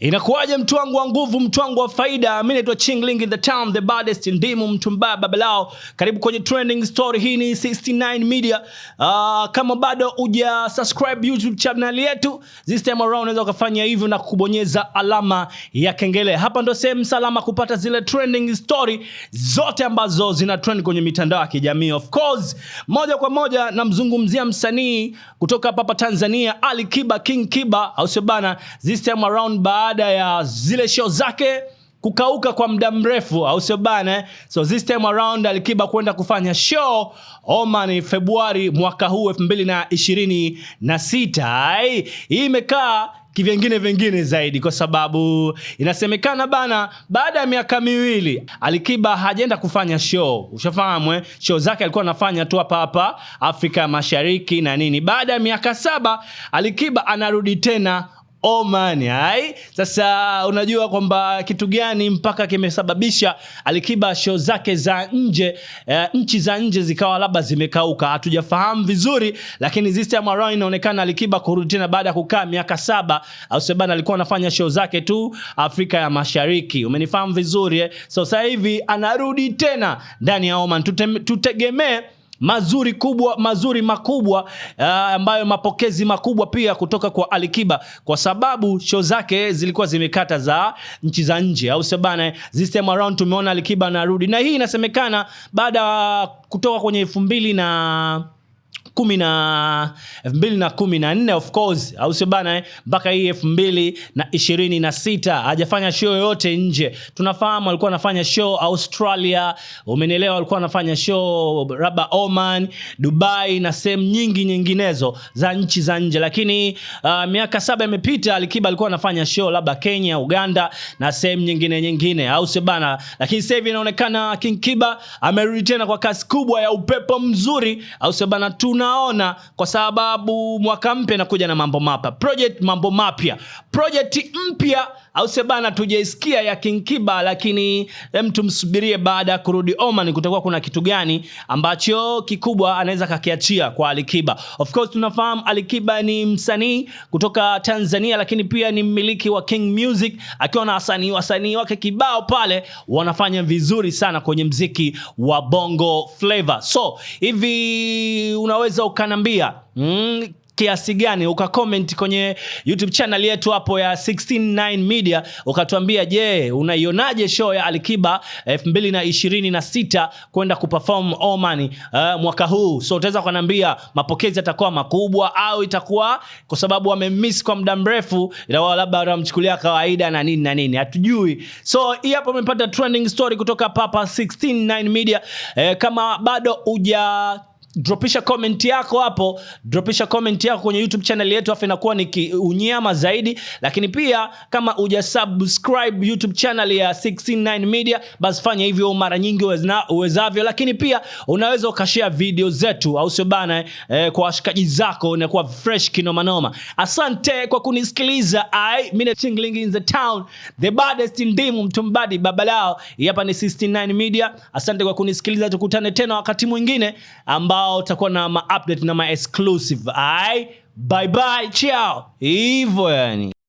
Inakuwaje mtu wangu wa nguvu, mtu wangu wa faida? Mimi naitwa Chingling in the town, the baddest ndimu mtu mbaya babalao. Karibu kwenye trending story, hii ni 69 Media. Uh, kama bado uja subscribe YouTube channel yetu, this time around unaweza ukafanya hivyo na kubonyeza alama ya kengele. Hapa ndo sehemu salama kupata zile trending story zote ambazo zina trend kwenye mitandao ya kijamii. Of course, moja kwa moja namzungumzia msanii kutoka hapa Tanzania, Ali Kiba, King Kiba, au sio bana? This time around ba baada ya zile show zake kukauka kwa muda mrefu, au sio bana? Eh? So this time around Alikiba kwenda kufanya show Oman Februari mwaka huu 2026. Hii imekaa kivyengine vingine zaidi kwa sababu inasemekana bana, baada ya miaka miwili Alikiba hajaenda kufanya show, ushafahamu eh? Show zake alikuwa anafanya tu hapa hapa Afrika Mashariki na nini. Baada ya miaka saba Alikiba anarudi tena Oman hai. Sasa unajua kwamba kitu gani mpaka kimesababisha Alikiba show zake za nje e, nchi za nje zikawa labda zimekauka, hatujafahamu vizuri, lakini this time around inaonekana Alikiba kurudi tena baada ya kukaa miaka saba, au sebana alikuwa anafanya show zake tu Afrika ya Mashariki, umenifahamu vizuri eh? So sasa hivi anarudi tena ndani ya Oman, tutegemee mazuri kubwa, mazuri makubwa eh, ambayo mapokezi makubwa pia kutoka kwa Alikiba, kwa sababu show zake zilikuwa zimekata za nchi za nje, au sio bana? This time around tumeona Alikiba anarudi, na hii inasemekana baada kutoka kwenye elfu mbili na kumi na elfu mbili na kumi na nne of course, au sio bana? Eh? Mpaka hii elfu mbili na ishirini na sita hajafanya show yoyote nje. Tunafahamu alikuwa anafanya show Australia, umenelewa alikuwa anafanya show raba Oman, Dubai na sehemu nyingi nyinginezo za nchi za nje, lakini uh, miaka saba imepita Alikiba alikuwa anafanya show labda Kenya, Uganda na sehemu nyingine nyingine, au sio bana? Lakini sasa hivi inaonekana kinkiba amerudi tena kwa kasi kubwa ya upepo mzuri, au sio bana? tunaona kwa sababu mwaka mpya nakuja na mambo mapya project mambo mapya project mpya au sebana tujaisikia ya kinkiba lakini hem tumsubirie baada ya kurudi oman kutakuwa kuna kitu gani ambacho kikubwa anaweza kakiachia kwa alikiba of course tunafahamu alikiba ni msanii kutoka tanzania lakini pia ni mmiliki wa king music akiwa na wasanii wasanii wake kibao pale wanafanya vizuri sana kwenye mziki wa bongo flavor so hivi unaweza ukanambia mm, kiasi gani ukakomenti kwenye youtube channel yetu hapo ya 169 media ukatuambia je unaionaje show ya alikiba 226 kwenda kuperform oman uh, mwaka huu so utaweza kuniambia mapokezi yatakuwa makubwa au itakuwa kwa sababu amemiss kwa muda mrefu wao labda wanamchukulia kawaida na nini na nini hatujui so hii hapo umepata trending story kutoka papa 169 media uh, kama bado uja dropisha comment yako hapo, dropisha comment yako kwenye YouTube channel yetu, afu inakuwa ni kiunyama zaidi. Lakini pia kama uja subscribe YouTube channel ya 69 Media, basi fanya hivyo mara nyingi uwezavyo. Lakini pia unaweza ukashare video zetu, au sio bana eh, kwa washikaji zako, inakuwa fresh kinoma noma. Asante kwa kunisikiliza. I mean chingling in the town, the baddest ndimu mtumbadi babalao. Hapa ni 69 Media, asante kwa kunisikiliza, tukutane tena wakati mwingine ambao ambao utakuwa na maupdate na maexclusive. Ai, bye bye, chao, hivyo yani.